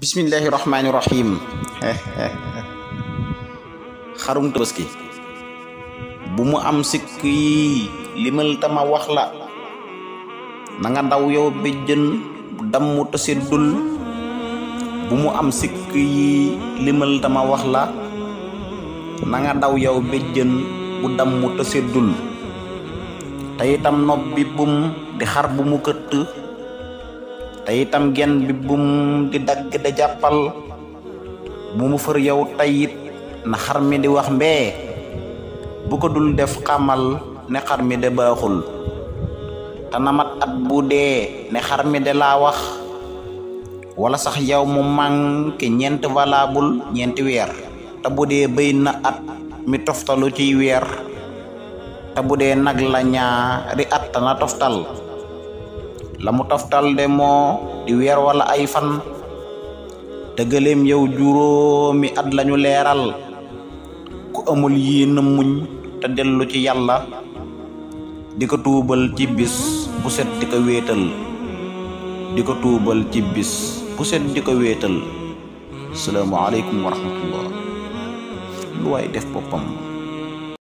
bismillahi rahmaani rahim xarum tabaski bu mu am sikk yi limal tama wax la na nga ndaw yow béjjën dammu tase dul bu mu am sikk yi limal tama wax la nanga nga ndaw yow béjjën bu dammu tase dul te itam nopp bi di xar bu mu këtt te itam genn bi bum di dagg da jàppal bu mu fër yow tayit na xar mi di wax mbee bu ko dul def xamal ne xar mi de baaxul te namat at bu dee ne xar mi de laa wax wala sax yow mu manqué ñeent valable ñeenti weer te bu dee béy na at mi toftalu ciy weer te bu dee nag la ñaari at na toftal la mu taftal de moo di weer walla ay fan te gëléem yow juróomi at lañu leeral ku amul yéen muñ te dellu ci yàlla di ko tuubal ci bis bu set di ko wéetal di ko tuubal ci bis bu set di ko wéetal salaamaaleykum wa rahmatullah lu waay def boppam